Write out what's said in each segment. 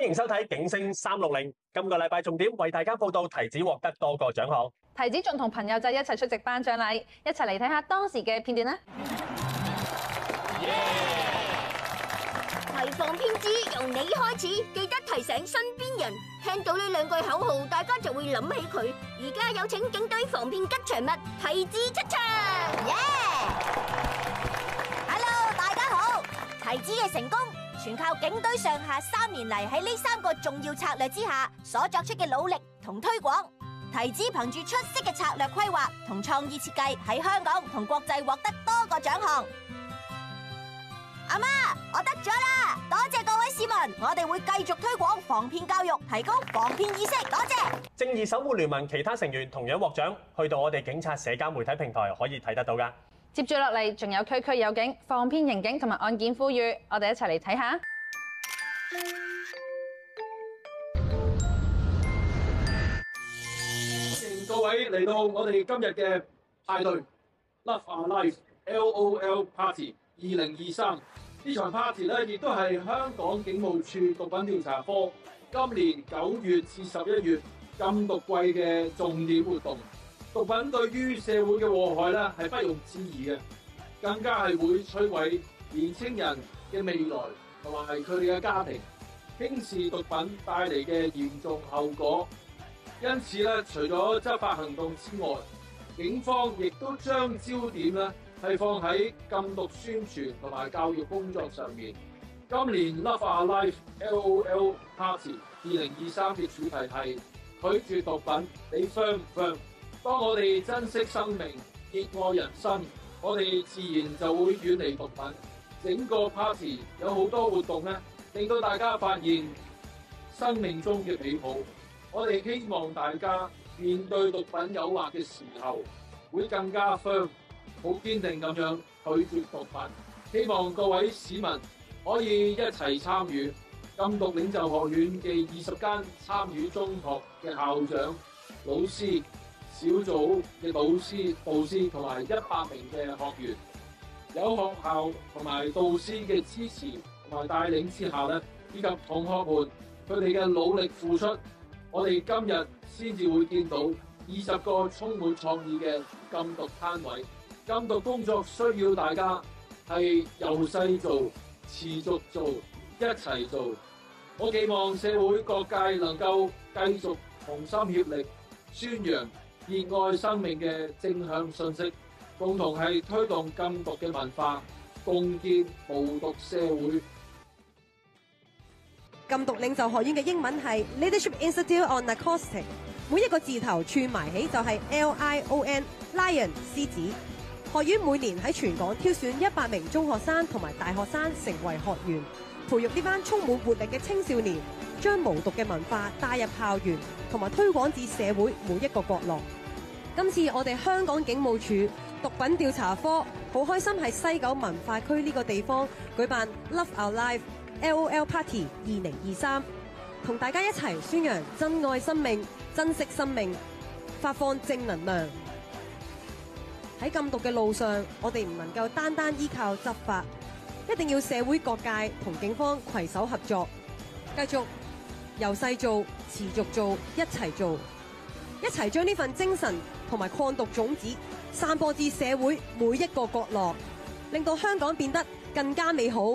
歡迎收睇《警聲三六零》，今個禮拜重點為大家報道提子獲得多個獎項。提子仲同朋友仔一齊出席頒獎禮，一齊嚟睇下當時嘅片段啦。提防騙子，由你開始，記得提醒身邊人，聽到呢兩句口號，大家就會諗起佢。而家有請警隊防騙吉祥物提子出場。Hello，大家好，提子嘅成功，全靠警隊上下三年嚟喺呢三個重要策略之下所作出嘅努力同推廣，提子憑住出色嘅策略規劃同創意設計喺香港同國際獲得多個獎項。阿媽，我得咗啦！多謝各位市民，我哋會繼續推廣防騙教育，提高防騙意識。多謝。正義守護聯盟其他成員同樣獲獎，去到我哋警察社交媒體平台可以睇得到㗎。接住落嚟，仲有區區有警、放編刑警同埋案件呼籲，我哋一齊嚟睇下。歡迎各位嚟到我哋今日嘅派對，Love Our Life L O L Party 二零二三。呢場 party 咧，亦都係香港警務處毒品調查科今年九月至十一月禁毒季嘅重點活動。毒品對於社會嘅禍害咧係不容置疑嘅，更加係會摧毀年青人嘅未來同埋佢哋嘅家庭。輕視毒品帶嚟嘅嚴重後果，因此咧除咗執法行動之外，警方亦都將焦點咧係放喺禁毒宣傳同埋教育工作上面。今年 Love、A、Life L O L Party 二零二三嘅主題係拒絕毒品，你 Fun 唔 Fun？當我哋珍惜生命、熱愛人生，我哋自然就會遠離毒品。整個 party 有好多活動咧，令到大家發現生命中嘅美好。我哋希望大家面對毒品誘惑嘅時候，會更加 firm，好堅定咁樣拒絕毒品。希望各位市民可以一齊參與禁毒領袖學院嘅二十間參與中學嘅校長、老師。小組嘅導師、導師同埋一百名嘅學員，有學校同埋導師嘅支持同埋帶領之下咧，以及同學們佢哋嘅努力付出，我哋今日先至會見到二十個充滿創意嘅禁毒攤位。禁毒工作需要大家係由細做、持續做、一齊做。我希望社會各界能夠繼續同心協力，宣揚熱愛生命嘅正向信息，共同係推動禁毒嘅文化，共建無毒社會。禁毒領袖學院嘅英文係 Leadership Institute on Narcotics，每一個字頭串埋起就係 L I O N，Lion，獅子。學院每年喺全港挑選一百名中學生同埋大學生成為學員，培育呢班充滿活力嘅青少年，將無毒嘅文化帶入校園同埋推廣至社會每一個角落。今次我哋香港警務處毒品調查科好開心，喺西九文化區呢個地方舉辦 Love Our Life LOL Party 2023，同大家一齊宣揚珍愛生命、珍惜生命，發放正能量。喺禁毒嘅路上，我哋唔能夠單單依靠執法，一定要社會各界同警方攜手合作，繼續由細做、持續做、一齊做，一齊將呢份精神，同埋抗毒種子散播至社會每一個角落，令到香港變得更加美好。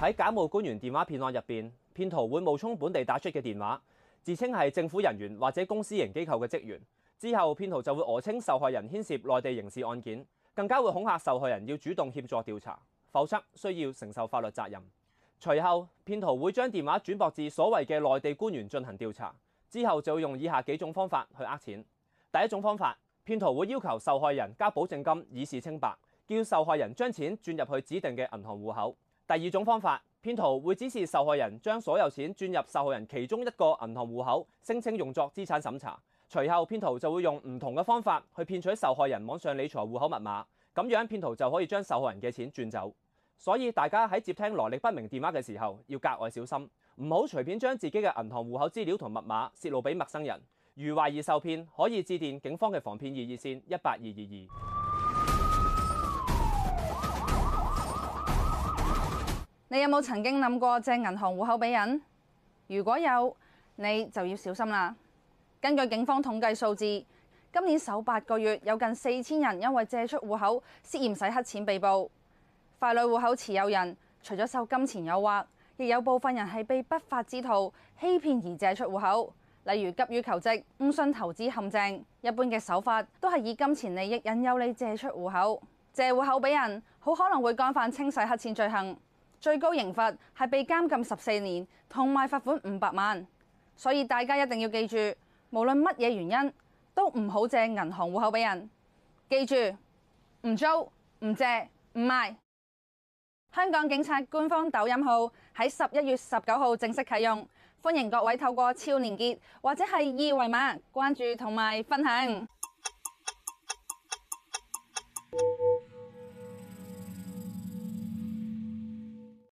喺假冒官員電話騙案入面，騙徒會冒充本地打出嘅電話，自稱係政府人員或者公私營機構嘅職員。之後，騙徒就會訛稱受害人牽涉內地刑事案件，更加會恐嚇受害人要主動協助調查，否則需要承受法律責任。隨後，騙徒會將電話轉駁至所謂嘅內地官員進行調查，之後就會用以下幾種方法去呃錢。第一種方法，騙徒會要求受害人交保證金以示清白，叫受害人將錢轉入去指定嘅銀行戶口。第二種方法，騙徒會指示受害人將所有錢轉入受害人其中一個銀行戶口，聲稱用作資產審查。隨後，騙徒就會用唔同嘅方法去騙取受害人網上理財戶口密碼，咁樣騙徒就可以將受害人嘅錢轉走。所以大家喺接聽來歷不明電話嘅時候，要格外小心，唔好隨便將自己嘅銀行戶口資料同密碼泄露俾陌生人。如懷疑受騙，可以致電警方嘅防騙易熱線一八二二二。你有冇曾經諗過借銀行戶口俾人？如果有，你就要小心啦。根據警方統計數字，今年首八個月有近四千人因為借出戶口涉嫌洗黑錢被捕。傀儡戶口持有人除咗受金錢誘惑，亦有部分人係被不法之徒欺騙而借出戶口。例如急於求職，誤信投資陷阱，一般嘅手法都係以金錢利益引誘你借出戶口。借戶口俾人，好可能會幹犯清洗黑錢罪行，最高刑罰係被監禁十四年同埋罰款五百萬。所以大家一定要記住，無論乜嘢原因，都唔好借銀行戶口俾人。記住，唔租、唔借、唔賣。香港警察官方抖音號喺十一月十九號正式啟用，歡迎各位透過超鏈接或者係二維碼關注同埋分享。